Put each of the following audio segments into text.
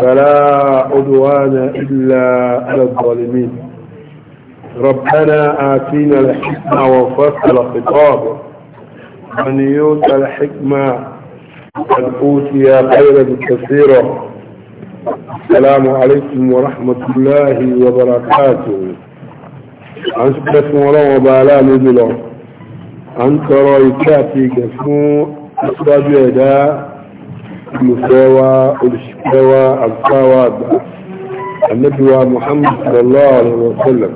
فلا عدوان إلا على الظالمين ربنا آتينا الحكمة وفصل خطابه من يؤت الحكمة قد أوتي خيرا كثيرا السلام عليكم ورحمة الله وبركاته عن سبحانه وتعالى وبالا مدلو عن ترى يكافي كفو olùfẹ́wà olùsìkẹ́wà àgbáwà àgbà annabiwa muhammad sallallahu alaihi wa sallam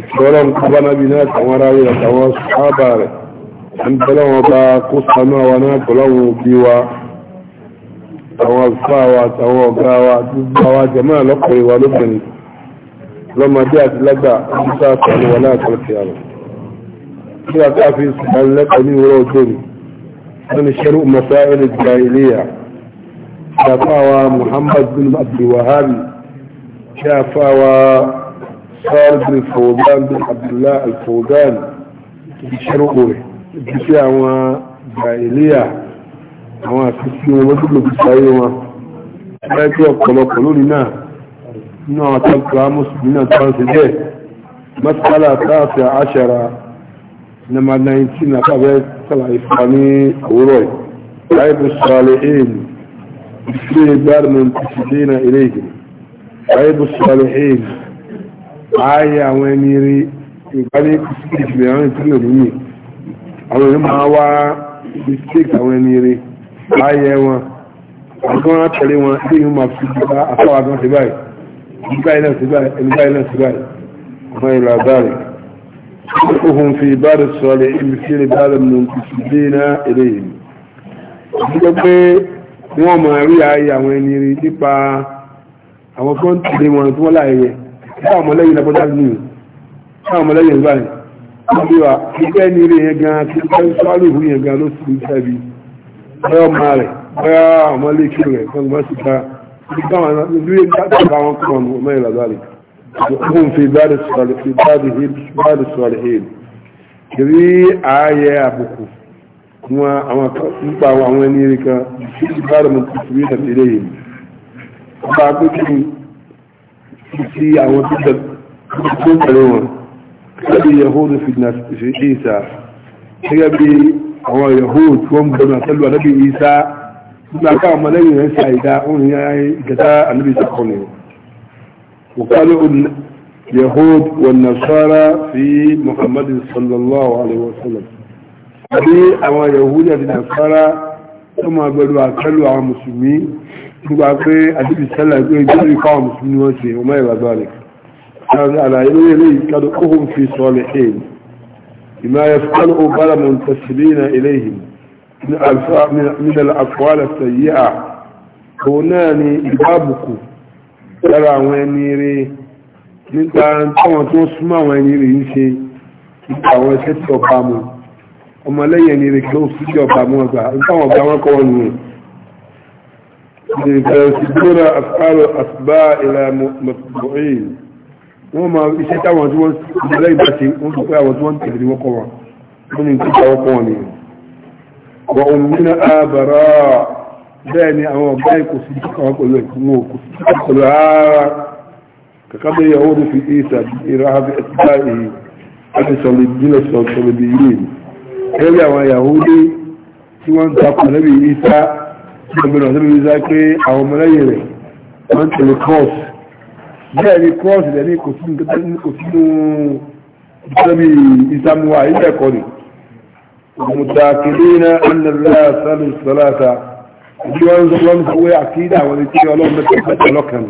ìṣọ́rọ̀ nkọba nábi náà tàwọn aráyé àtàwọn sábà rẹ̀ ń tọ́lọ́ wọn bá kó sanú àwọn náà tọ́lọ́ wọn bí wa àwọn àgbáwà àtàwọn ọ̀gá wa gbogbo àwọn jẹ́mọ́ àlọ́kùnrin wa lóbìnrin lọ́mọdé àti lágbà ń sá àtàwọn wọn náà àrùn. kí wàá káfíńsì bá ń ní ìwúrọ̀ ọjọ́ من شروع مسائل الجاهلية شافاوى محمد بن عبد الوهاب شافاوى صالح بن فوزان بن عبد الله الفوزان شروعه بشاوى جاهلية àwọn àfisí wọn lọ́dúnlò fi sáré wọn ẹgbẹ́ ọ̀pọ̀lọpọ̀ lónìí náà nínú àwọn tàbí mùsùlùmí náà tó ń ṣe bẹ́ẹ̀ mọ́sálà tààfẹ́ àṣàrà nọmba 19 na fàbẹ́ sàlàyé fà ní àwòrọ̀ láìpù sàlẹ̀ èèyàn ìfẹ́ gbárùn tìsílẹ̀ na ìrẹ́gì láìpù sàlẹ̀ èèyàn ààyè àwọn ẹni rí ìgbàlẹ̀ ìfẹ́ àwọn ìtúlẹ̀ nìyí àwọn èèyàn máa wá mistake àwọn ẹni rí ààyè wọn àwọn àtẹ̀lé wọn ilé yìí máa fi gbà àfọwọ́ àgbọn sí báyìí nígbà yìí náà sí báyìí nígbà yìí náà sí báyìí àwọn ìlà báyìí خلقهم في بار الصالحين بسير بار المنتسبين إليهم nígbà pé wọ́n mọ̀ rí ayé àwọn ẹni rí nípa àwọn tó ń tẹ̀lé wọn tí wọ́n láàyè táwọn ọmọlẹ́yìn lábọ́dá ní táwọn ọmọlẹ́yìn báyìí wọ́n bí wà kíkẹ́ ní rí yẹn gan kí wọ́n ń sọ́ọ́lù ìhú yẹn gan وهم في بال الصالحين في بال الصالحين كذي آية أبوكو كما أما كما أما نيريكا في بال من تسويت إليهم فأقول في أو تدد تكون كلمة كذي يهود في الناس في عيسى كذي أو يهود هم كما تلوى نبي عيسى ما كان ملايين يسعى إذا أولي يجتا النبي سبحانه وقالوا اليهود والنصارى في محمد صلى الله عليه وسلم أبي أما يهود والنصارى ثم أبدوا أكلوا على المسلمين ثم إيه، أبي أدب السلة يقول يجري قوم مسلمين وما إلى ذلك كان على يلوي لي كدقهم في صالحين بما يفعلوا بل منتسبين إليهم من الأفعال السيئة هناني إبابكم lára àwọn ẹni rí nípa táwọn tó súnmọ́ àwọn ẹni rí ń ṣe nípa àwọn iṣẹ́ tí ọba mu ọmọlẹ́yìn ẹni rí kí ó sì jẹ́ ọba mu ọgbà nípa àwọn ọba wọn kọ́ wọn nìyẹn. ìdìbẹ̀rẹ̀sìdúrà àfárò àtúbá ìlà mọ̀tòbọ̀rì wọ́n máa iṣẹ́ táwọn tí wọ́n ọmọlẹ́yìn bá ṣe wọ́n sọ pé àwọn tí wọ́n tẹ̀lé wọ́n kọ́ wọn wọ́n ní bẹ́ẹ̀ ni àwọn ọ̀gá ìkò sí àwọn pẹ̀lú ẹ̀kún òkú pẹ̀lú ara kàkà bí ìyàwó ní fi ìta ìra ẹ̀tìká ìyí àti sọ̀lẹ̀ ìdílé sọ̀lẹ̀ bí ilé mi gẹ́gẹ́ bí àwọn ìyàwó ní tí wọ́n ń ta pẹ̀lẹ́bí ìta tí wọ́n bẹ̀rẹ̀ ọ̀sẹ̀ bí ìta pé الله ثالث ìdí wọn sọ lọ́nà owó àkídà àwọn etí ọlọ́run mẹ́tẹ̀ẹ̀mẹ́tẹ̀ ọlọ́kan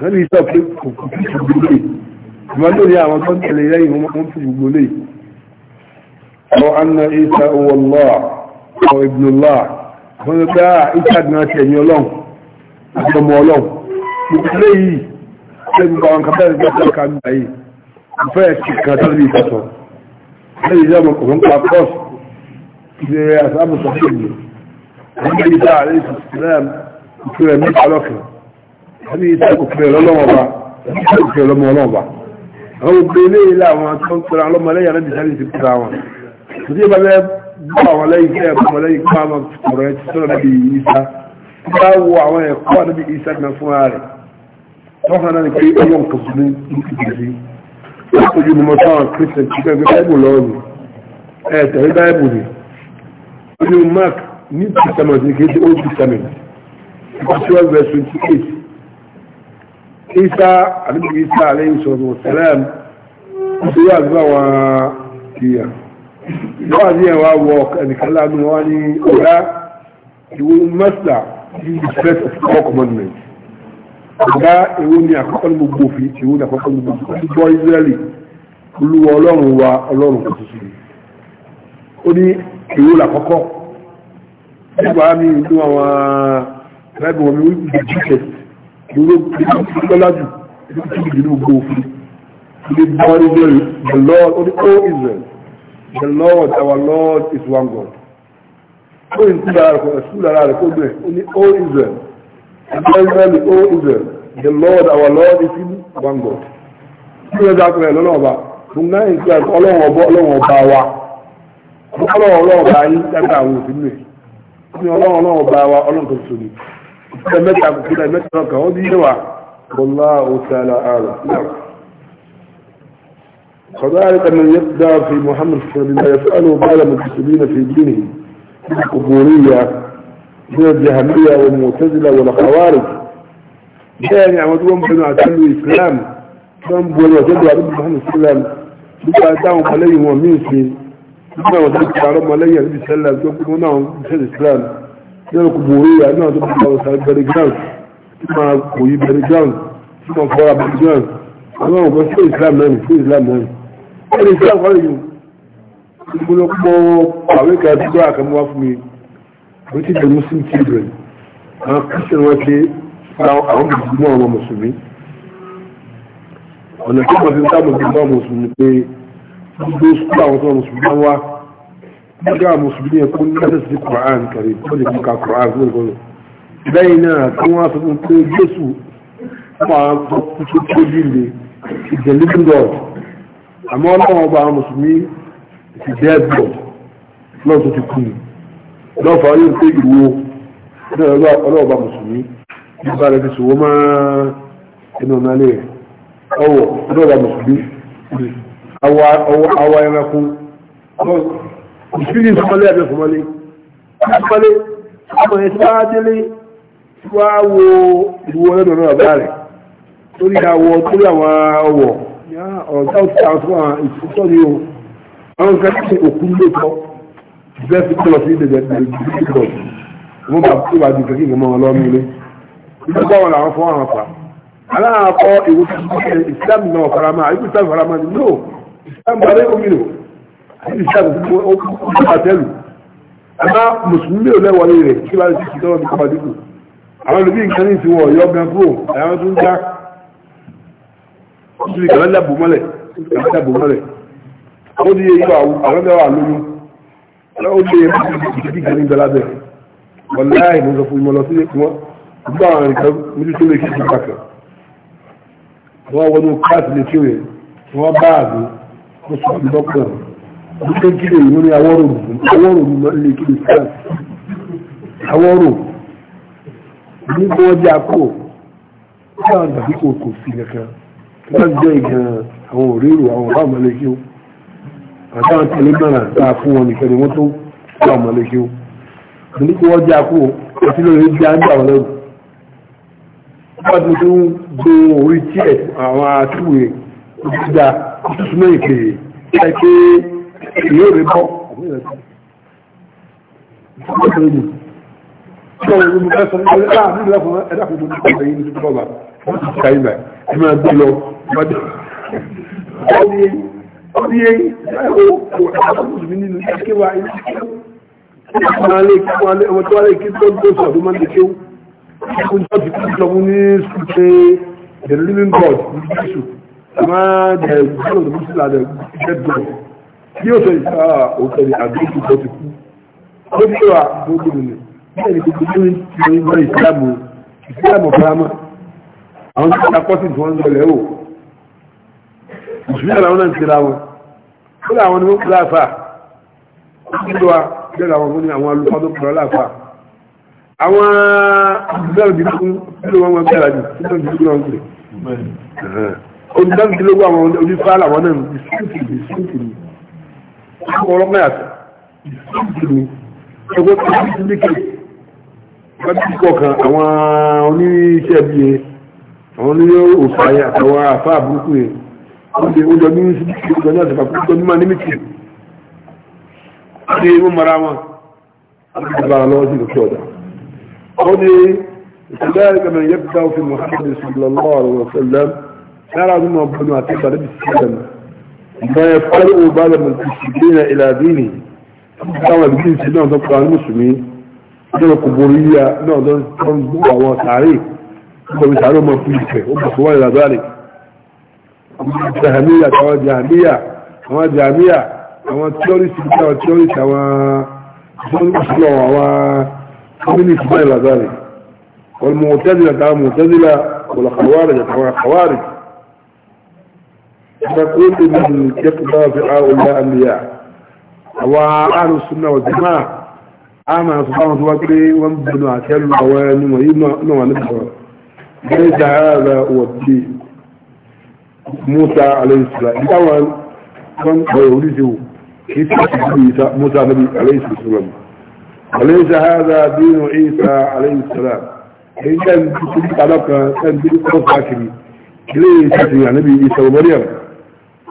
lẹ́nu ìsọ pé kò fi ṣùgbọ́n lè ìwọ́n lórí àwọn tó ń tẹ̀lé lẹ́yìn wọn fi ṣùgbọ́n lè ọ anna isa wọlọ́ ọ ibùdó wọn lọ bá isa gbìyànjú àti ẹ̀yìn ọlọ́run àti ọmọ ọlọ́run ìdílé yìí ṣé gbogbo àwọn kan bẹ́ẹ̀ gbọ́dọ̀ ká nígbà yìí ìfẹ́ ẹ̀sìn kan tó lè sọ̀tọ̀ lẹ́yìn ìjọba kò ń pa pọ́ọ̀sì ìdílé àti àbùsọ̀ wanda isa alayhi salam kúrẹ̀ ní alọ́kẹ̀ wọ́n isa kò kúrẹ̀ lọ́lọ́wọ́ ba isa kò kúrẹ̀ lọ́mọ ọlọ́wọ́ ba àwọn obìnrin lè ilé àwọn tó ń kúrẹ̀ alọ́mọ lẹ́yìn alẹ́ bisa ní ti kúrẹ̀ àwọn kò sí ìbáfẹ́ bá àwọn lẹ́yìn kẹ́ ẹ̀kọ́ lẹ́yìn kọ́ àwọn ọ̀rọ̀ ẹ̀ ti sọ̀rọ̀ níbi isa bá wo àwọn ẹ̀kọ́ níbi isa ti fún ààrẹ tọ́kàn náà ni pé ọlọ́run kò sí ní ìgbésí lápòjú ni mo sáwọn kristian ti fẹ́ gbé báyìí lọ́wọ́ mi ẹ̀ tẹ̀lé báyìí ni ó ní mark new testament old testament ìpàṣẹ verse twenty eight isa àdúgbò isa aleyhi sọ̀rọ̀ sẹ́lẹ̀m ọ̀sẹ̀ yóò àdúrà wọn kìíyà wọ́n àti ẹ̀wà wọ ẹnìkan láàánú wọn ní ọ̀gá ìwé mọ́sílà in the first of all commandments ọ̀gá ìwé ní àkọ́kọ́ ní gbogbo òfin ìwé ní àkọ́kọ́ ní gbogbo òfin gbọ́ israẹli olúwa ọlọ́run wa ọlọ́run kò tuntun ó ní ìwé làkọ́kọ́ nígbà mi inú àwọn ẹgbẹ́ wọn mi wípé jíjẹ lóró lọ́lájú ní kí ìdí ló gbó fún ilé bọ́ọ̀rí lórí the lord only oh, all israel the lord our lord is one god ó ń tún lára rẹ̀ all oh, israel israel all oh, israel the lord our lord is one god kí ló dá pẹ̀lú ọlọ́run ọba mo ń náà ń pẹ́ ọlọ́run ọba wa ọlọ́run ọlọ́run ọba yín dábàá àwọn òsínú ẹ̀ ní ọlọ́run ọlọ́run bá wa ọlọ́run tó sọ ni ìpínlẹ̀ ba فذلك من يبدأ في محمد صلى الله عليه وسلم يساله بعض المسلمين في دينه من القبورية من الجهمية والمعتزلة والخوارج يعني عمدوهم بنوا أتلوا الإسلام كان بولوا جدوا عبد محمد صلى الله عليه وسلم بقى أتاهم عليهم ومين nígbà wọn ti parọ́ mọ́ lẹ́yìn àti ìṣẹ̀lẹ̀ tó kú náà ìṣẹ̀lẹ̀ Islam náà kò bò orí àná tó kú bàbá sáré bẹ̀rẹ̀ ground tí máa kò yí bẹ̀rẹ̀ ground tí máa fọ́ra bẹ̀rẹ̀ ground àwọn ọmọ fún Islam náà fún Islam náà ẹni Islam kọ́ lẹ́yìn mo lọ àwọn ìka tó dáa kan wá fún mi British children àwọn Christian wá pé àwọn bìbí mọ́ àwọn mùsùlùmí ọ̀nà tí wọ́n gbogbo sukuu àwọn tó mùsùlùmí wá nígbà mùsùlùmí yẹn kó nígbà sí quran kàrí tó lè kúka quran tó lè gbọ́dọ̀ lẹ́yìn náà tí wọ́n sọ fún pé jésù wà á tó tó tó líle ìdẹ̀lẹ́ gbọ́dọ̀ àmọ́ ọlọ́wọ́n ọba àwọn mùsùlùmí ti dẹ́ bọ̀ lọ́wọ́ tó ti kú ni lọ́wọ́ fà á yóò pé ìwo ọlọ́wọ́ ọba mùsùlùmí nígbà rẹ̀ ti sòwò máa ẹnu awọ ẹranko ìfìlì ìfọmọlé ẹ̀bẹ̀ ìfọmọlé ìfọmọlé ọmọ ẹ̀ tí wá délé tí wá wo ìwọ lẹ́nu náà bá rẹ̀ torí àwọ̀ torí àwọn ọwọ̀ ọ̀dá òtítà fún àwọn ìfúnṣọ́ ni o àwọn kan tí òkú ló tọ́ ìfẹ́ fi kọ́ lọ sí ìdẹ̀dẹ̀ ìdẹ̀dẹ̀ wọ́n bá tó bá ju kẹ́kẹ́ mọ́ ọlọ́run ilé ìgbà wọn làwọn fọ́ àwọn pa aláàkọ́ ìwé ìsìlámù náà faramá ìwé ìsìlámù faramá ni no ìsàmbàrẹ́ omínú àti ìsàmbàrẹ́ omínú àtẹ́lù àmá mùsùlùmí ò lẹ́wọ̀lé rẹ̀ kí bá ti kìtọ́ ní kọ́mọdékù àwọn olùbí nǹkan ní ìfìwọ̀ ọ̀yọ́ gan kúrò àwọn tó ń dá nítorí kàlá dàbò mọ́lẹ̀ kàlá dàbò mọ́lẹ̀ ó di eyín àwọn mẹ́wàá lóyún ó di eyín ìdí kan ní gbẹlábẹ́ wọn láì mo sọ fún mi lọ sí wọn gbọ́ àwọn nǹkan mójú tó lè kí wọ́n wọnú káàtì lè tí wọ́n bá àgbò mo sọ fún dọ́kítọ̀ mo fẹ́ kí lè mú ní awọ́rò awọ́rò mo lè kí lè fẹ́ awọ́rò ní kí wọ́n jẹ́ àpò kí wọ́n dàbí kò kò sí kankan kí wọ́n jẹ́ ìgbọ̀n àwọn òrérò àwọn ọ̀rọ̀ àmọ́lẹ́kí ó àtàwọn tẹ̀lé mọ́ra tá a fún wọn nìkan ni wọ́n tó ọ̀rọ̀ àmọ́lẹ́kí ó ní kí wọ́n jẹ́ àpò àti lórí jẹ́ àgbà wọn lẹ́rù wọ́n ti ń gbé orí tí àwọn àtúwèé ó ti dáa ìtumọ̀ ìpè ẹgbẹ́ ìyóò rẹ̀ bọ́ àbúrò rẹ̀ bọ́. ìtumọ̀ ìpè sọ wọn mu ẹ sọ wọn ẹ náà nílẹ̀ fún ẹ dàpọ̀ tó tó tó yín tó tó bá wọn ti ka yín bá ẹ máa gbé lọ bá dé ọdí yẹn ọdí yẹn ẹ kó kó ẹ kó mùsùlùmí nínú ẹ ké wa ẹ ké máa jẹ ìgbọ́nà tó sí lànà iṣẹ́ dùn bí ó sọ ìṣá òkè ní àdókù tó ti kú ó ní wà tó dùn ní bẹ́ẹ̀ ni gbogbo ní ti ní wọ́n ìsìlámù ìsìlámù faramọ́ àwọn tó ta pọ́sì tí wọ́n ń lọlẹ̀ o ìṣúná làwọn náà ń tira wọn ó làwọn ni wọ́n kúrò àfà ó ní wà bẹ́ẹ̀ làwọn fún ni àwọn alùpàá tó kúrò àfà àwọn àbúrò bí wọ́n bẹ̀rẹ̀ jù tó ń bí wọ́n ń pè onídàgbélógún àwọn onífàlà wọn náà bìsíǹtì bìsíǹtì ni àwọn ọlọ́mọ yàtọ̀ bìsíǹtì ni ẹgbẹ́ tó ti ti lékè láti kọ̀ọ̀kan àwọn oníṣẹ́ bí i àwọn oníṣẹ́ òfààyè àtàwọn àfà àbúrúkú yẹn ó lè ó jọ ní síbíkì ó jọ ní àtàkà ó jọ ní máa ní mìtì ṣe wọ́n mara wọn wọ́n ti bára lọ́wọ́ sí ìlú ọ̀dà ó ní ìṣẹ̀lẹ̀ ìgbàmọ̀ yẹ́pẹ̀dá òfin Muhammad sallallahu alaihi wa sallam ترى ثم ربنا عتيبة نبي السلام ما يفعله بعد من تشكين إلى دينه كما بدين سيدنا ذكر المسلمين نوع قبورية نوع تنظر وتعريف هم يسألون ما فيه هم أخوان إلى ذلك جهمية كما جهمية كما جهمية كما تيوريس كما تيوريس كما تيوريس كما كومينيس إلى ذلك والمعتزلة كما معتزلة والخوارج كما خوارج نقول من كتب في هؤلاء الأنبياء وأهل السنة والجماعة أما سبحانه وتعالى وانبنوا عتل وعوان ويبنوا نبحر ليس هذا هو الدين موسى عليه السلام الأول كان ويولده عيسى موسى نبي عليه السلام وليس هذا دين عيسى عليه السلام إن كان تلك علاقة كان تلك علاقة كبير ليه تلك نبي عيسى ومريم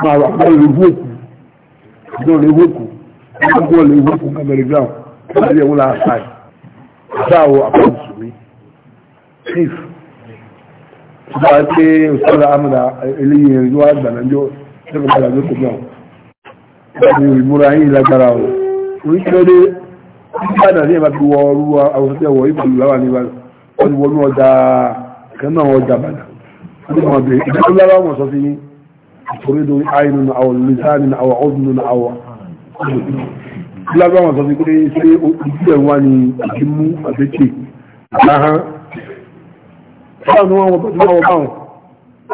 máa wà pẹ́ ìlú òkú ìjọ lè wókù ọgbọ́n lè wókù kẹmẹrẹ ground láti ẹ̀wọ́n lára sáì àtàwọ̀ àpọ̀lùsùmí chief tó bá pé òṣèlú amúra eléyìí ẹ̀rí wá gbàdájọ́ lẹ́kọ̀ọ́ padà lókè náà láti ìmúra yín lágbára o oríṣiríṣi ìbàdàn ní ẹ̀ma ti wọ ọrú awọ́sọ́tẹ̀ wọ ìpàlù láwà ní ìbàdàn wọ́n ti wọnú ọjà kẹ́nà ọjà bàdàn wọ́n ti mọ̀ bẹ̀rẹ̀ ìdílé lára wọn sọ sí yín تريد عين او لسان او اذن او لا بقى ما تقولي شيء يواني جمو ابيتي اها كانوا هو هو باو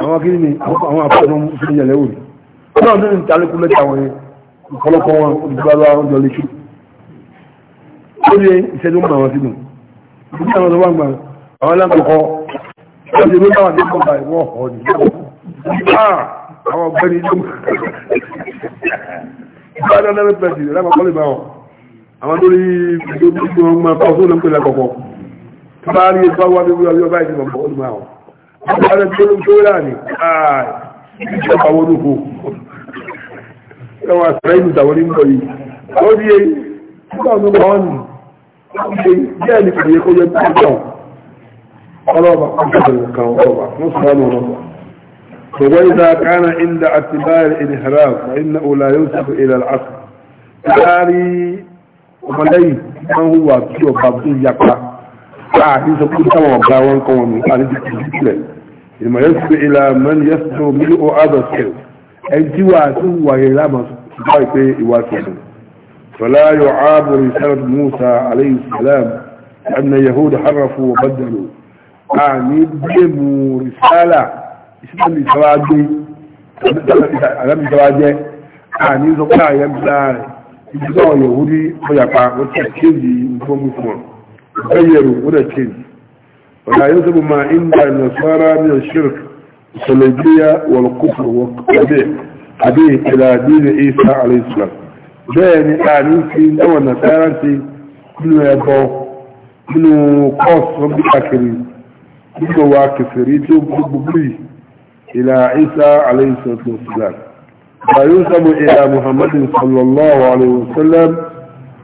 àwọn akíní àwọn àpọ̀nà ìṣẹ́yìn ẹ̀lẹ́ òní ọ̀nà ọ̀dọ́ ní ìtàlẹ́kù mẹ́ta wọn ọ̀pọ̀lọpọ̀ wọn olùgbàlá ọjọ́ lẹ́ṣù ó ní ìṣẹ́jú mọ̀ àwọn sínú ìdí àwọn ọ̀dọ́ wà gbà àwọn alákọ̀ọ́kọ́ ọjọ́ ìlú náà dé kọ́ta ìwọ̀ ọ̀họ́ ni àwọn ọgbẹ́ni ìjọ ìgbàdàn náà pẹ̀lú ìrẹ́kọ̀ọ́kọ́ lè bá wọn àwọn tó rí gbogbo wọn máa kọ́ sóòlù pẹ̀lú ẹ̀kọ̀kọ́ tó bá rí ẹgbẹ́ wá wíwú ọjọ́ báyìí nìkan bọ̀ ọdún àwọn ọgbẹ́ tó ló tó rà ní ìjọ àwọn olùkọ́ ẹwà sẹ́yìn ìtàwọn ní mbọ̀ yìí ó di èyí nígbà tó bá wọn nì فإذا كان عند اعتبار الإحرام فإنه لا ينسب إلى العصر تاري وملي ما هو كيو بابدو يقع فأعطي سكون سوا وبلاوان قوامي أعطي سكون إنما ينسب إلى من يسلو ملء هذا أي أنت واتو وإلى ما في يواسيه فلا يعاب رسالة موسى عليه السلام أن يهود حرفوا وبدلوا أعني بهم رسالة ìsìlẹ̀ mi ìjọba gbé àlẹ́mi ìjọba jẹ́ àní sọ pé àyẹ̀ ń gbá rẹ̀ ìjọba ọ̀yọ̀ wú ní ọ̀yàpá wọ́n ti kéèjì nǹkan mú fún ọ ọ̀gá yẹ̀rù wọ́n dẹ̀ kéèjì ọ̀nà yóò sọ ma ń da nasara ní ṣírk ìṣẹ̀lẹ̀gbéyà wọ̀n kúfù wọ́n àbí ìpìlẹ̀ àdínlẹ̀ isa alayhislam bẹ́ẹ̀ ni إلى عيسى عليه الصلاة والسلام فينسب إلى محمد صلى الله عليه وسلم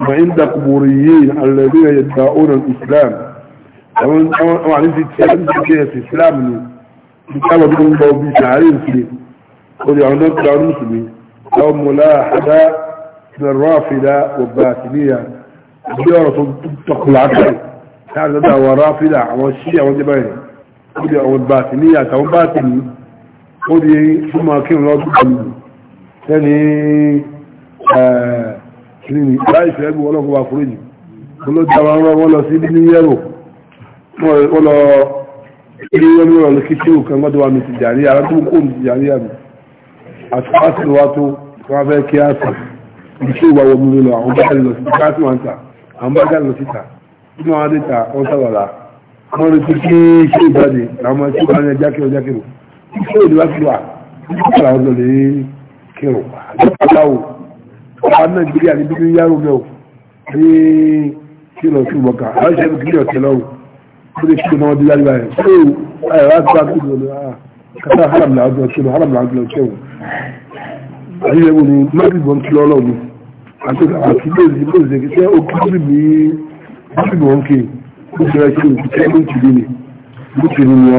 وعند قبوريين الذين يدعون الإسلام وعن في الكلام في الإسلام قال ابن بوبي تعريف فيه قل عنك على المسلمين أو ملاحدة من الرافدة والباسمية زيارة تدخل عقل هذا هو رافدة والشيعة والجبائر والباطنية والباطنية ó di súnmọ́ kí n lọ́dún pẹ̀lú sẹ́ni ẹ̀ẹ́dìní láìsẹ̀ ẹgbù ọlọ́gbọ́ àkúrẹ́jì olójáwà ń rọ́ wọ́n lọ sí ní yẹ́rò wọ́n lọ ilé wọn ní ọ̀rọ̀ kí tíwò kan gbọ́dọ̀ wà mí ti jàrí ara tó kó mi ti jàrí àmì àtúwásìlú wa tó wọ́n fẹ́ kí á sàn ibi tí ìwà wọ mi lọ àwọn bá lọ sí ká sí wọn ta àwọn bá jáde lọ síta nínú àwọn adéta wọn sábà rà wọn retí kí ṣé ìbàdí àwọn ọmọ tí wọn ní ẹja kí ọjà kí lọ iṣẹ́ ìlúwà ti wà nígbàlá ọ̀dọ̀ lè kírun àjọpàá o ọba nàìjíríà ní bí yàrá mẹ́ o ní kílọ̀ sí ìwọ̀kà aláṣẹ ní kílọ̀ tẹ́lọ̀ o ó lè kílọ̀ náà di yàrá rẹ̀ ṣé o ayọ̀ láti bá kí lọ kátà haram là ọdún ọtí lọ haram là ọdún ọtí ọ̀hún ayé wo ni mẹ́rin bọ̀ ń kí lọ́lọ́ ni àti àti lóòzì lóòzì kí sẹ́ òkú bí mi bí mi wọ́n kí ó fẹ́rẹ̀ kí ló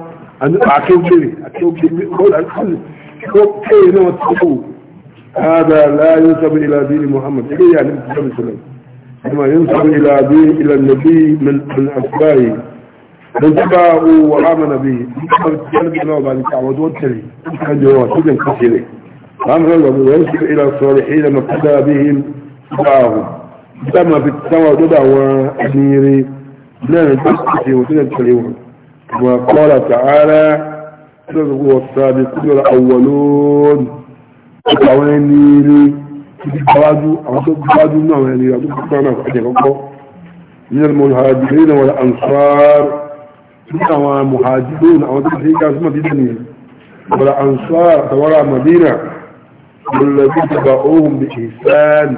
هذا لا ينسب إلى دين محمد إيه يعني محمد صلى الله كما ينسب إلى دين إلى النبي من من أتباعه من تبعه وآمن به محمد تجلب إلى بعد التعود والتري كان جواب سجن كثيرة أمر الله ينسب إلى الصالحين ما ابتدى بهم تبعه تم في التوادد وأميري لا نجد كثير وسجن كثير وقال تعالى هو السابقون الأولون أولين من المهاجرين والأنصار سنة مهاجرون أو تحقيق اسم مدينة والأنصار تورى مدينة والذين تبعوهم بإحسان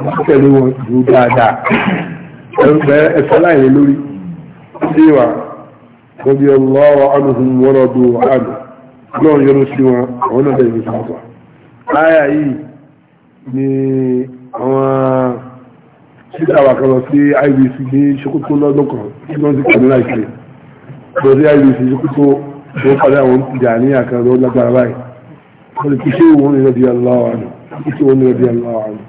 مختلوا جدادا فلا يلوي أيوة رضي الله عنهم ورضوا عنه لو يرسلوا هنا ده يسمعوا آية ايه ni àwọn síta wà kan lọ sí ibc ní ṣokútó lọ́dún kan tí wọ́n ti kàmí láìpẹ́ lọ sí ibc ṣokútó tó ń padà àwọn ìjà ní àkàrà ó lágbára báyìí wọ́n lè fi ṣé ìwọ̀n ní rẹ̀dí aláwọ̀ àná fi ṣé ìwọ̀n ní rẹ̀dí aláwọ̀ àná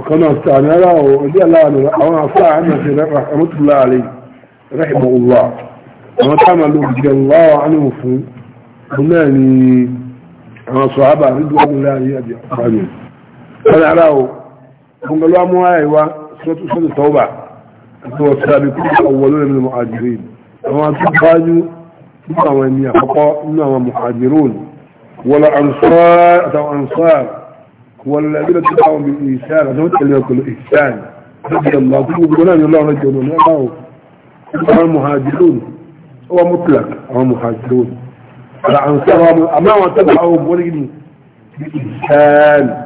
ọ̀kan náà sọ àmì aláwọ̀ rẹ̀dí aláwọ̀ àná àwọn afáà àmì àti rẹ̀ àmọ́tòlá àlè rẹ̀ ìmọ̀ òwúrọ̀ أما كما لبدي الله عنه فهو هناني أما صحابة ردوا أبو الله يأتي أفعلين قال علىه هم قالوا أمو هاي سورة أسود التوبة أنتوا السابقون الأولون من المعادرين أما تبقاني إنما إني أخطاء إنما محادرون ولا أنصار أتوا أنصار والذين تبعهم بالإنسان أتوا تكلمون كل إحسان رضي الله تقول الله رجل هو مطلق هو مهاجرون الأنصار أما وتبعهم ولكن بإحسان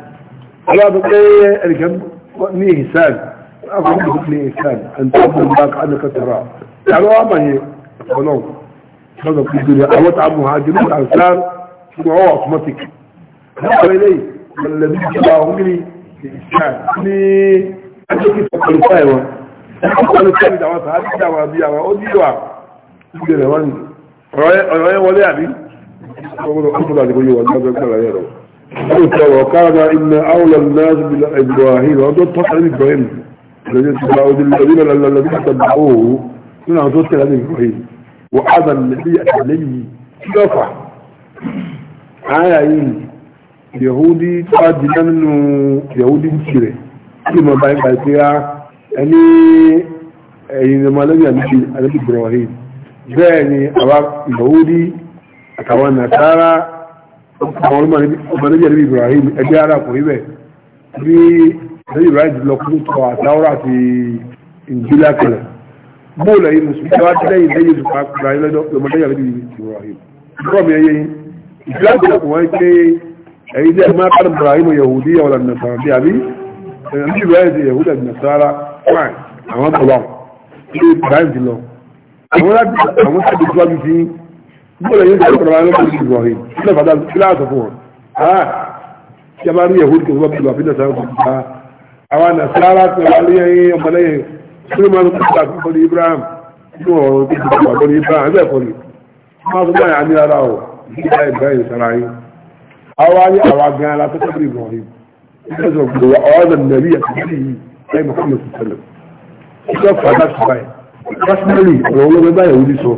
ألا بقية الجنب وإني إحسان أقول لك إني إحسان أن تعبد باك أنك ترى قالوا يعني أما هي قالوا هذا في الدنيا أو عن مهاجرون الأنصار سمعوا عصمتك نقل إليه والذين تبعهم لي بإحسان إني أجلك تقلقائي وأنا أقول لك أيوة. دعوات هذه دعوة دي ìbéèrè wọn ni ọ̀rọ̀ yẹn wọlé àbí ọgbọ́dọ̀ ọgbọ́dọ̀ àdìgbò yóò wà ní ọgbẹ́ pẹ̀lú ayé rẹ̀ ó sọ ọ̀rọ̀ káàdà iná àwòlà náà bí ibrahim ọdún tọ́ka ní ibrahim lẹ́yìn tí wọ́n di lórí lọ́lọ́lọ́ bí kàtà bàbá òwò nínú àwọn tó tẹ̀lé ní ibrahim wọ́n á dà níbi àtìlẹ́yìn kí ló fà áyà yìí yahudi tó a di náà nínú yahudi ń tirẹ̀ kí ló máa bá yín bá yín pé ẹni ẹ̀yin ọmọ alẹ́ ní àdìgbò ibrahim bẹ́ẹ̀ ni àwa yahudi àtàwọn nasara àwọn ọmọdéjẹ́ níbi ibrahim ẹgbẹ́ ara kò rí bẹ́ẹ̀ bí ẹgbẹ́ ibrahim lọ kú tọ àtàwọn àti ìjìlá kalẹ̀ bóòlù ẹ̀yìn mùsùlùmí tí wọ́n ti lẹ́yìn lẹ́yìn tó pa ibrahim lọ́dọ̀ ọmọdéjẹ́ níbi ibrahim bọ́ọ̀ mi ẹyẹ yín ìjìlá kalẹ̀ kò wáyé pé ẹ̀yìn dẹ́ máa kàdé ibrahim yahudi yàwó lànà sàrà bí àbí ẹ̀yìn ibrahim yahudi lànà sàrà fine àwọn bọ̀ wà ní ibrahim ti lọ àwọn láti àwọn sábà tó wájú sí bóòlù yóò sọ̀rọ̀ pẹ̀lú àwọn ọmọdé ìgbọ̀n rẹ̀ sílẹ̀ fàdá sílẹ̀ àṣọ fún wọn. Ah! tí a bá rí ẹ̀hún tó wọ́n bí wà fínà sáà fún wa àwọn ànàsára tó wà ní ẹ̀yìn ọmọlẹ́yìn Suleiman kúta fún Ibrahim nínú ọ̀rọ̀ tó ti wà fún Ibrahim ẹgbẹ́ fún mi. máa fún báyìí àmì ara ọ̀ nígbà Ibrahim sara yín. àwa ní àwa gan ara tó tẹ́lẹ̀ ìgbọ̀n rẹ̀ ìgbésọ̀ personally ọ̀rọ̀ olóògbé báyẹ̀ wúlí sọ.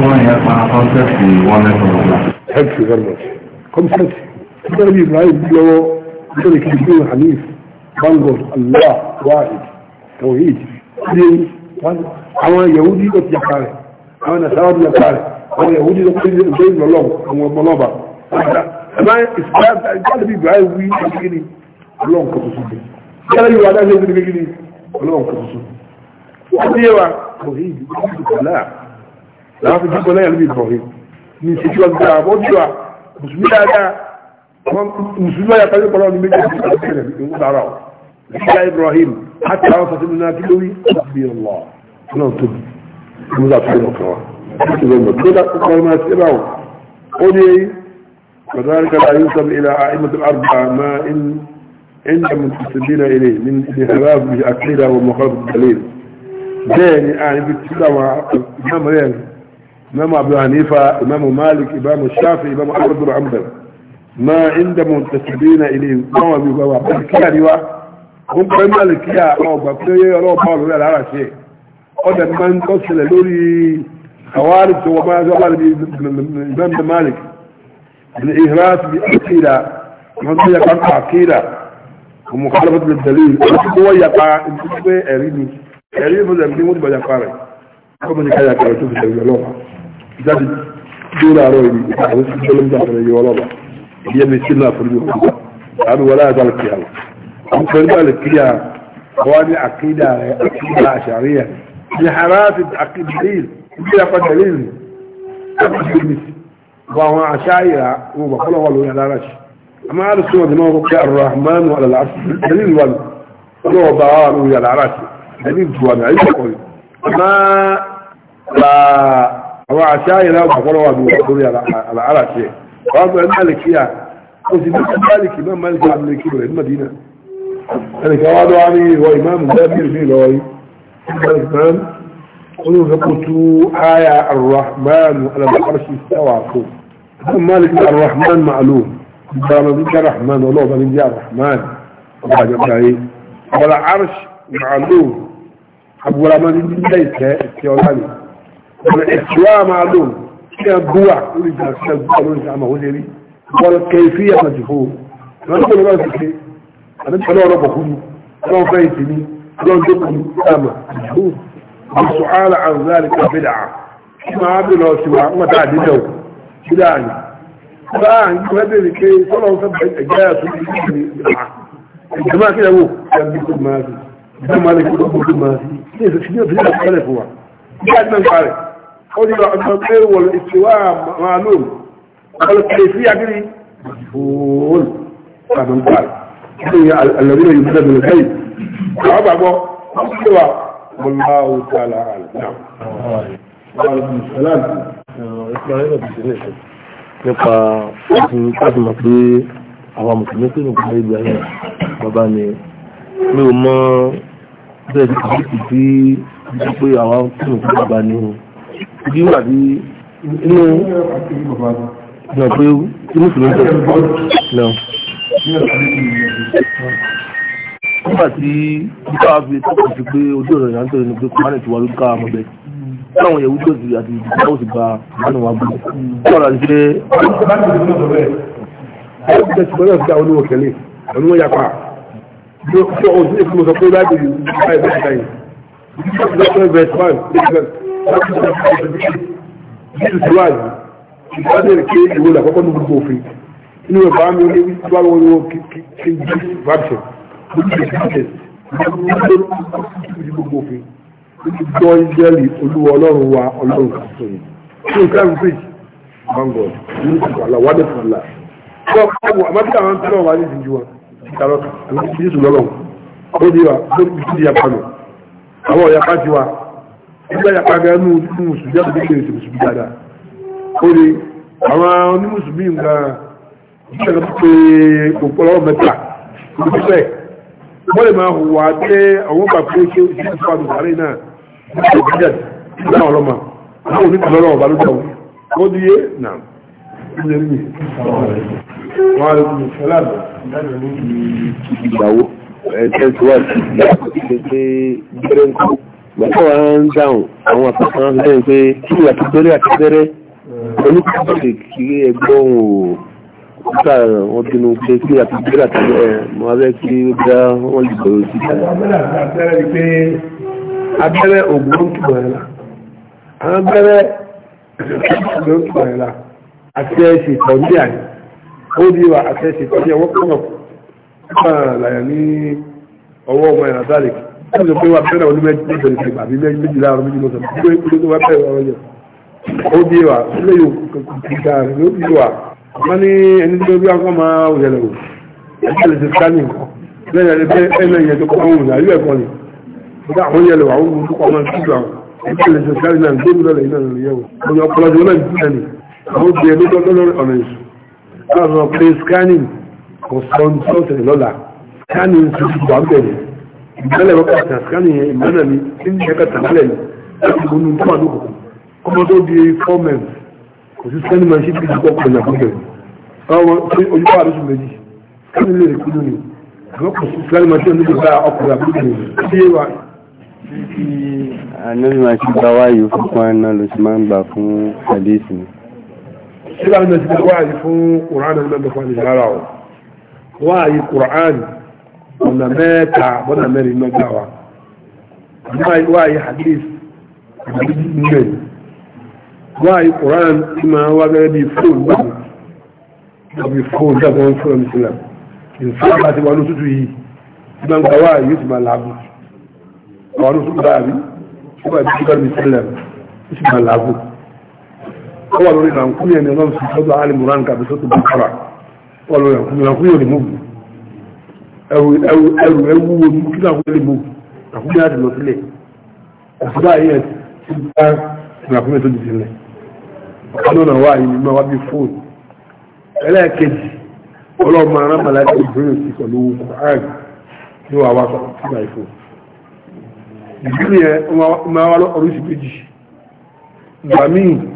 wọ́n yẹ pa kọ́nsẹ́pì wọn lẹ́kọ̀ọ́ lọ́wọ́. help you very much kọ́nsẹ́pì nítorí bí ibrahim lọ́wọ́ nítorí kí ibrahim hanif bangor allah wahid tawhid ṣe àwọn yahudi ló ti yàpa rẹ̀ àwọn nasara ló yàpa rẹ̀ àwọn yahudi ló ti ṣe lọ́lọ́wọ́ àwọn ọmọ lọ́ba. ẹ̀ma ìsìláàbí ibrahim wí ọlọ́run kọ̀ọ̀tún sí i. yàrá yóò wá dáhùn sí i ọlọ́run kọ̀ọ̀tún sí i. توحيد لا في جيب ولا يلبي من مسلمين هذا مسلمين الله إبراهيم حتى عرفت أننا كلوي الله لا تب ما وذلك لا يوصل إلى أئمة الأربعة ما إن عند المنتسبين إليه من إلهاب بأكيدة ومخالفة الدليل بين أهل الكتاب وإمام ريال إمام أبو حنيفة إمام مالك إمام الشافعي إمام أحمد بن حنبل ما عند منتسبين إليه هو بيقول بل كاري وا هم بين مالك يا أو بقية يا رب قالوا لا لا شيء هذا من توصل لوري خوارج وما زال إمام مالك بالإهراس بأكيرا من يقع أكيرا ومخالفة بالدليل هو يقع إنتبه أريني ẹ̀rí ìbúlẹ̀ ní wọ́n bàjá fara ọmọ ní káyà kẹrẹ tó fi tẹ̀lé ọlọ́pàá jáde dóra àárọ̀ ìlú àwọn sí tó lọ́mọdé àtàrà yọ ọlọ́pàá ìyẹ́ mi sí náà fún mi àbí wọlé àti àlùkì àwọn àwọn fẹ́rẹ́ bá lè kíyà wọ́n ní àkídà rẹ̀ àkídà àṣàríyà ní harafi àkídìlì ní àpàdàlì وهو عشائر وبقوله والله على رش أما على السنة دماغه كالرحمن وعلى العرش دليل والد ولو باعه على العرش حديث جوان عيد قوي ما لا هو عشاي لا بقول هو بيقول على على شيء قام مالك يا قلت مالك امام مالك عبد الكبير المدينه انا كواد علي وامام دابير في لوي مالك امام قلوا فقلت آية الرحمن على العرش استوى مالك الرحمن معلوم قال ذلك الرحمن ولو بل الرحمن ولا عرش معلوم àbúràmọ́ ní nílẹ̀ ìtẹ́ ìtẹ́ ọlá ni ọ̀nà ẹ̀tùwà máa lò kí ẹ búwà lórí ìjà sí ẹgbẹ́ lórí ìjà àmà òṣèré bọ́ọ̀lù kẹfì ẹ̀mà jù fún un lọ́nà ìpínlẹ̀ ọ̀sẹ̀ ṣe àdéjọ́ ọlọ́rọ̀ bọ̀ fún mi ọlọ́run fẹ́ ìtì mi ọlọ́run tó kù àmà jù àṣọ àlà àrùnláàrí kẹfì dà kí máa bí lọ sí wa ń wọ́n tá àdéjọ́ sí dáàni báàni kí wọ́n bèèrè pé sọ́lọ́run fẹ́ bẹ̀rẹ̀ ẹ̀jẹ̀ àtúntò ìjọba kí ìdá máa lè kó lọ́gbọ̀n tó máa sí ní èso sí ní òfin ìlú ìpínlẹ̀ fún wa ní àdínà nípa rẹ̀ ó ní lọ ọ̀nà pé wọ̀ ìṣèwà máa lò ọ̀pọ̀lọ̀ kẹlẹ̀ sí agbẹ́rẹ́ fòòl àmì nípa rẹ̀ ní àlọ́rìnà yìí múlẹ̀ mẹ́lẹ̀ kẹ́yìn àwọn gbàgbọ́ wọ́n ti wà mọ́láwó tààlà àlùfáà nípa ọdún láti mọ̀ pé àwọn mùsùlùmí tó ń gbé ìgbà yẹn bàbá ni mi ò mọ̀ bẹ́ẹ̀ ni kìí sì tí ó pé àwọn kìrò fún bàbá ní o bí wà ní inú ìyàn pé inú ìlú ìjọ náà nígbà tí nípa fi tọ́pọ̀ sí pé ojú ọ̀rọ̀ ìyá ń tẹ̀lé ní pé kọ́mánì ti wà ló ká àmọ́bẹ̀ láwọn yẹ̀wú tó ti àti ìdíjọ́ òsì gba ìdánù wa gbọ́ ọ̀rọ̀ àti pé ó ti bẹ́ẹ̀ sí pẹ́lú ọ̀sẹ̀ àwọn olówó kẹ́lẹ̀ ọ̀nà yapa ló sọ ojú ìfún sọ pé láti rí báyìí báyìí báyìí lọ́pọ̀ verse one láti sọ pé Jesus wáyé ìgbàdé ké ìwé làkọ́kọ́ ní gbogbo òfin inú rẹ̀ bá mi ó léwu tó bá wọn ní wọn kí n jí vaccine ó ti ṣe vaccine ní gbogbo òfin ó ti gbọ́ Ísírẹ́lì olúwa ọlọ́run wa ọlọ́run kan tó ní kí n káàmù pèjì mango ní ìgbàlá wàdé fún ọ̀la. Àwọn àmọ́ tí àwọn ń tẹ́lọ̀ wá ní ìdíjú wọn kàlọ́kà àti jésù lọ́lọ́ ó di wa ó di yapa lọ àwọn ọ̀yapa ti wa nígbà yapa gan ní mùsùlùmí jáde tó kéré sí mùsùlùmí dáadáa ó di àwọn onímùsùlùmí nǹkan ìṣẹ́ kan pé òpólọ́wọ́ mẹ́ta olùdíṣẹ́ wọ́n lè máa hùwà pé àwọn bàbá pé kí ó ṣe fún àdùn sáré náà ní ìṣẹ́ ìbílẹ̀ náà ọlọ́mà àwọn oníkàlọ́lọ́ ọ̀bá ló dà wọ́n ó di yé náà ìgbàwó ẹ̀tẹ́síwájú ṣe pé bẹ́rẹ̀ ń kú gbàtọ́ wa ń dáhùn àwọn àpapọ̀ lẹ́yìn pé kí ni àtibẹ́rẹ́ àtibẹ́rẹ́ oníkàbọ̀lì kí ẹgbọ́n ò kúta wọn bínú pé kí ni àtibẹ́rẹ́ àtibẹ́rẹ́ mọ́ abẹ́ kí ó dá wọn lè bọ̀rọ̀ sí i. abẹ́rẹ́ ògbóǹkì bọ̀rẹ̀ la àwọn abẹ́rẹ́ ògbóǹkì bọ̀rẹ̀ la àtẹ́ẹ̀ṣì tọ́jú àní ó di wa àtẹ́ẹ̀ṣì tọ́jú ẹ̀wọ́ kọ́nà láyà ní ọwọ́ ọmọ ẹ̀rọ dálẹ̀ kí ló pé wà bẹ́ẹ̀ ọdún mẹ́jọ ní ìgbà bí méjì láàrọ̀ méjì lọ́sọ̀ pé kúló tó wá bẹ́ẹ̀ ọ̀rọ̀ yẹn ó di wa ilé yóò kìkà rẹ̀ ló di wa wọ́n ní ẹni tó bí akọ́ máa wùyẹ̀lẹ̀ wò ẹ̀jẹ̀ lè ti sani lẹ́yìn náà gbé ó gbé lójọ́lọ́rọ̀ ọ̀nà ìṣù láàrín ọ̀pẹ́ scanning kò sọ ní sọ́ọ̀tẹ̀ lọ́la scanning ti ti wà bẹ̀rẹ̀ ìmọ̀lẹ̀ wákàtà scanning yẹn ìmọ̀lẹ̀ ni tí ní ẹ̀kàtà mọ́lẹ̀ ni láti mú ní tó wà ní òkùnkùn ọmọ tó di four men kò sí scanning man ṣe ti di pọ̀pọ̀ ní àkókò àwọn tí ojú wà lóṣù méjì scanning lè rí kúrò ní àwọn kò sí scanning man ṣe ní ìgbà ọkùnrin àkókò ní ìgbà ànábì máa ṣe gbá wáyé fún kwana ló ti máa ń gbà fún àdéhùn síbà ní ọjọ́ wáyé fún kùránì ní ọjọ́ fún ìyára o wáyé kùránì ọ̀nà mẹ́ta bọ́nà mẹ́rin ní ọjọ́ wa wáyé hadith mẹ́rin wáyé kùránì tí máa wá gẹ́gẹ́ bí fóònù gbàgbọ́ ọbí fóònù tí a fọ́n fóònù sílẹ̀ ìfọ́n bá ti wà ní tútù yìí tí máa ń gbà wáyé yóò ti máa làágùn àwọn olùsùn báyìí wọ́n bá ti gbà mí sílẹ̀ ó sì máa wà lórí ìrànkúmí ẹni ọlọ́run sí sọ́dọ̀ alimuran kàbí sọ́tò bukara wà lórí ìrànkúmí ò lè mú ẹrù ẹrù ẹwú omi kí náà wọlé mú ìrànkúmí láti lọ sílẹ̀ ọ̀sọ́dọ̀ ayé ẹ̀ ti bá ìrànkúmí tó di sílẹ̀ ọ̀kan náà wà yìí máa wá bí fóònù ẹlẹ́ẹ̀kejì ọlọ́run máa rán màláìkà ìbúrẹ́ sí pẹ̀lú Quran ní wàá wá sọ síbà ìfò ìdílé ẹ máa wá lọ oríṣi méjì ìgbà míì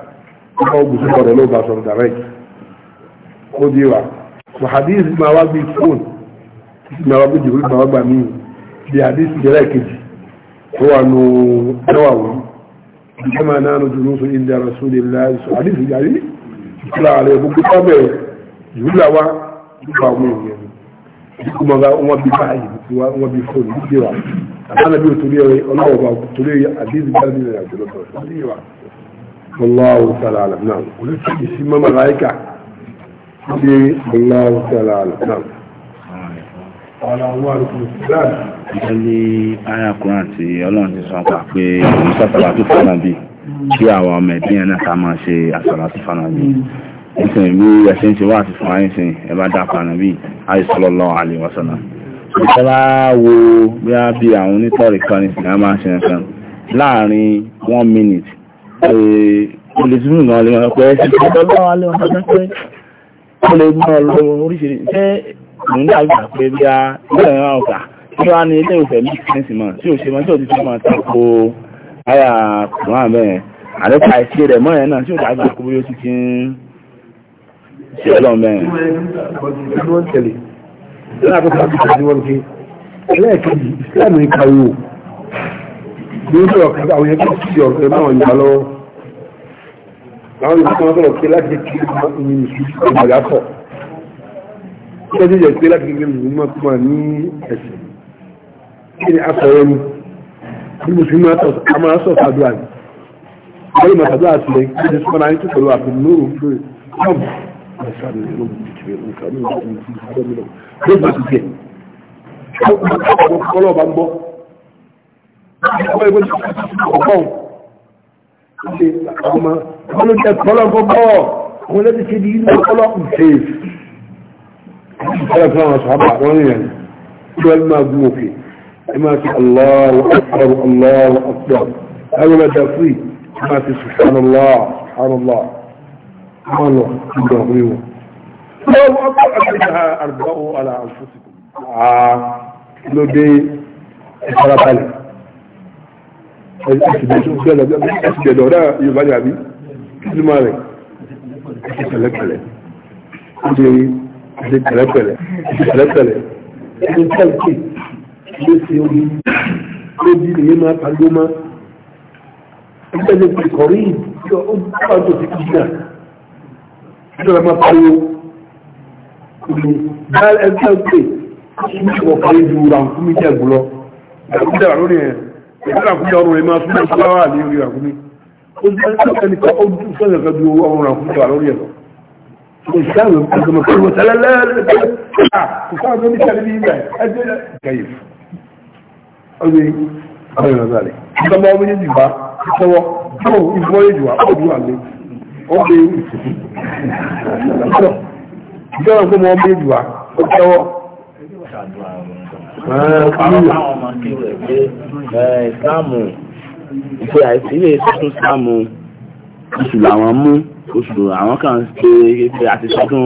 ọmọ ògùn sọ̀rọ̀ ló bá sọ̀rọ̀ direct ó di wa so hadith máa wá bíi phone títí máa wá bíi jìbìrì máa wá gbà mí bí hadith jẹ́rẹ̀ kejì tó wà nù ẹwà wọn ìjọba náà nù jùlọ sọ ìdí ara sọ lè la sọ hadith jàrí ìkúlà rẹ gbogbo tábẹ̀ jùlọ làwà nípa ọmọ ìyẹn ìdíkù máa wọn bí báyìí wọn bí phone ó di wa àbánabi o torí ọlọ́wọ́ bá torí hadith jàrí nìyẹn àjọlọ́gbọ̀n ó di wa. والله تعالى اعلم نعم ولكن يسمى ملائكه والله تعالى اعلم نعم قال الله عليكم السلام ní àyà kúrán tí ọlọ́run ti sọ pa pé òun sàtàlá tó fànà bí kí àwọn ọmọ ẹ̀bí ẹ̀ náà ká máa ṣe àsàlá tó fànà bí ìsìn ìlú ẹ̀ṣẹ́ ń ṣe wá àti fún àyíṣin ẹ bá dá fànà bí sallallahu alaihi láàárín one minute olè tí mú náà lè máa pẹ́ ọlọ́wà lè máa pẹ́ ó lè máa lọ oríṣiríṣi ṣé òun náà gbà pé bí a ilé ẹ̀rọ ọ̀gá tí wá ní ilé ìfẹ́ ní ìfẹ́ǹsì mọ̀ tí ò ṣe máa tí lórí ọ̀kadà àwọn di sí ọ̀rẹ́ báwọn ìgbà lọ́wọ́ àwọn ìgbà kan sọ̀rọ̀ pé láti kí ní ìṣúṣú ìgbàlá pọ̀ tí wọ́n jẹ́ pé láti kí ní ìmọ̀ tó wà ní ẹ̀sìn kí ni asọ̀rọ̀ ni bí mùsùlùmí a máa sọ̀ sàdúrà ni wọ́n lè máa sàdúrà sí ẹ̀ kí ni sọ́nà ayé tó pẹ̀lú àpòmúlòrò fún ọ̀bù ọ̀sán ọgbọ́n ìgbẹ́ ọgbọ́n ṣe ọmọ ọlọ́jẹ́ kọ́lọ́ gbọ́gbọ́ wọn lẹ́ti ṣe di ilé ọlọ́ ìfèèf ọlọ́pàá wọn sọ́bà wọn rìn rìn tí wọ́n máa gún òkè ẹ máa ti Allahu Akbar Allahu Akbar ẹgbẹ́ bá dá fún yìí ẹ máa ti subhanallah subhanallah máa lọ ìgbà orí wọn. Allahu Akbar àgbẹ̀dá àrùbáwò àlà àǹfọ̀sìkò. Àà ló dé ìfarabalẹ̀. ẹsìdẹ̀ lọ́dá yorùbá ní àbí kìsìmá rẹ̀ ẹsì pẹ̀lẹ́pẹ̀lẹ́ ọdẹ ẹsì pẹ̀lẹ́pẹ̀lẹ́ ẹsì pẹ̀lẹ́pẹ̀lẹ́ ẹsì pẹ̀lẹ́pẹ̀lẹ́ ló ṣe omi ló bí nìyẹn máa ta ló má ẹgbẹ́ ní ti kọ̀rí ìdíjọ ó bá tó ti kí náà ẹgbẹ́ máa pariwo omi bá ẹgbẹ́ pé kí wọ́n parí ju ra fún mi jẹ́ gbọ́ lọ ẹgbẹ́ lórí ẹ̀ ìdílà kúrò ọrùn rẹ̀ máa fún ọjọ́ láwà ní orí àkúmí ó sì máa ń tẹ́lẹ̀ nípa ojú sọ́yọ̀ kan bí owó ọrùn àkúmí wà lórí ẹ̀lọ́ ìṣàlù ọ̀gbọ̀n pẹ̀lú tẹ́lẹ̀lẹ́rẹ̀ ìjọba ọmọ méjì wá ó tẹ́wọ́ ìsìláàmù ìpè àìsí ilé ìtọ́tún ìsìláàmù oṣù làwọn mú oṣù àwọn kan ṣe pé àti sọ́dún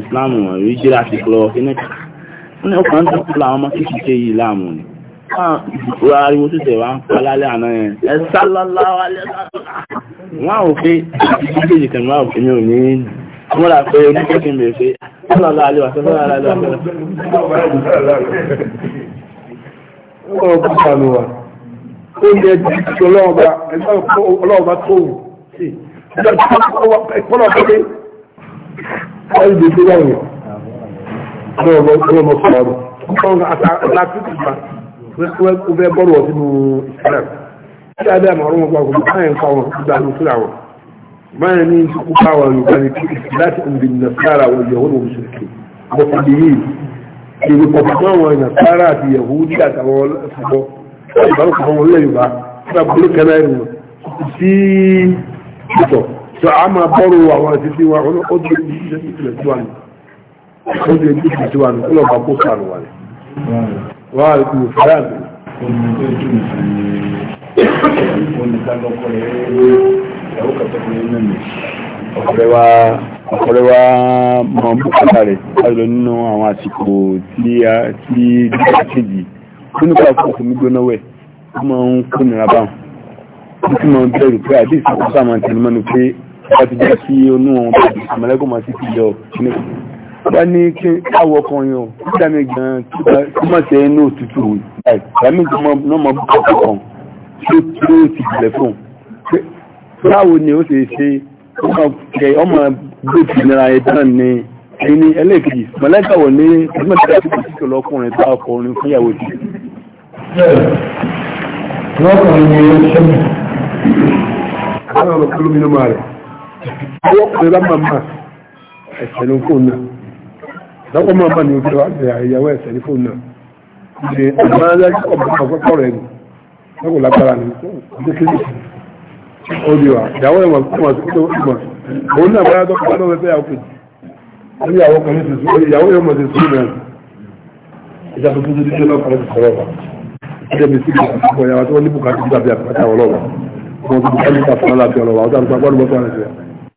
ìsìláàmù rí jẹ́ àti lọ kíní ní ọkàn tó kú làwọn ọmọ kìí ṣe yìí láàmù ni wọ́n ariwo tó tẹ̀ wá ń pa lálẹ́ àná yẹn ẹ sálọ́lá wálé sálọ́lá wọ́n á ò pé ìdíje kan wọ́n á ò pé mi ò ní múra pé oníkẹ́kì mẹ́ pé ọlọ́lá àlewà tó lọ́lá àlewà tó lọ́lá oúnjẹ ti ọlọ́ọ̀bá ẹgbẹ́ ọlọ́ọ̀bá tó wù sí ìpọ́lọ̀pẹ́lẹ́ ọlọ́ọ̀bá tó wù ọlọ́ọ̀bá tó wù ọ̀rọ̀ àtàkùnkùnfà wọ́n bẹ́ bọ́rọ̀ sínú ìsìlẹ̀ tí a bẹ́ àmà ọ̀rọ̀ wọn gbàgbọ́ báyìí ní ìsìnkú káwà yorùbá ní kí láti ọ̀dìn nasara wọ yahoo wọ mùsùlùmí mọ̀kànlélẹ́yìn èrò pọ̀pọ̀ àwọn nasara àti yahoo ní àtàwọn ọ̀sọ̀bọ̀ ìbálòpọ̀ àwọn ilẹ̀ yorùbá nígbà bọ́lú kan náà rìn sí ìtọ̀ tó a máa bọ́rù àwọn àti sí wa ó di ẹni ìṣẹ̀lẹ̀ tí wà ní ó di ẹni ìṣẹ̀lẹ̀ tí wà ní ọlọ́ba kó sàrò wà ní. wà á kú fẹ́rẹ́ àgbẹ̀ ọ̀rẹ́ wa ọ̀rẹ́ wa mọ̀ bùkátà rẹ̀ lọ nínú àwọn àsìkò tí a ti gbà kejì nípa fòfò mi gbóná wẹ̀ ó máa ń kó nira báwọn ó sì máa ń bẹ̀rù pé àdé ìsìnkú sáà máa tẹnu mọ́ni pé wọ́n ti jẹ́ kí onú wọn bá di àmọ́lẹ́kùn máa sì fi yọ kíní bá ní kí káwọ́ kan yàn ó dàmí gan-an kí má ṣe inú òtútù báyìí dàmí gan-an náà máa bùkátà kan tí ó ti jìlẹ̀ fún un báwo ni ó ṣe ṣe ọmọ gbèsè nira ẹ̀tàn ni ẹni ẹlẹ́kìí mọ̀lẹ́kàwọ̀ ní ẹgbẹ̀rẹ̀ tí kò síkò lọ́kùnrin tó ọkùnrin fún ìyàwó ti lọ́pọ̀ máa bá ní ojú ìyàwó ẹ̀sẹ̀ ní fóònù náà ṣe àmọ́ ẹgbẹ́ ọ̀pọ̀ ọ̀pọ̀ rẹ̀ ní lọ́pọ̀ lágbára ní ọdún kéjì sí olùwà ìyàwó ẹ̀wọ̀n tó wà sí ìmọ̀ òun náà báyá tọ́kọ̀ lọ́wọ́ ẹgbẹ́ àwọn kejì wọ́n ní àwọn kan ní sísú ìyàwó ẹ̀wọ̀n ti sùn náà ìjàpọ̀ tó dídé lọ́kọ̀ọ́ ti sọ̀rọ̀ wà ẹgbẹ́ mi sí ìgbà tó wọ́n ní bùkátà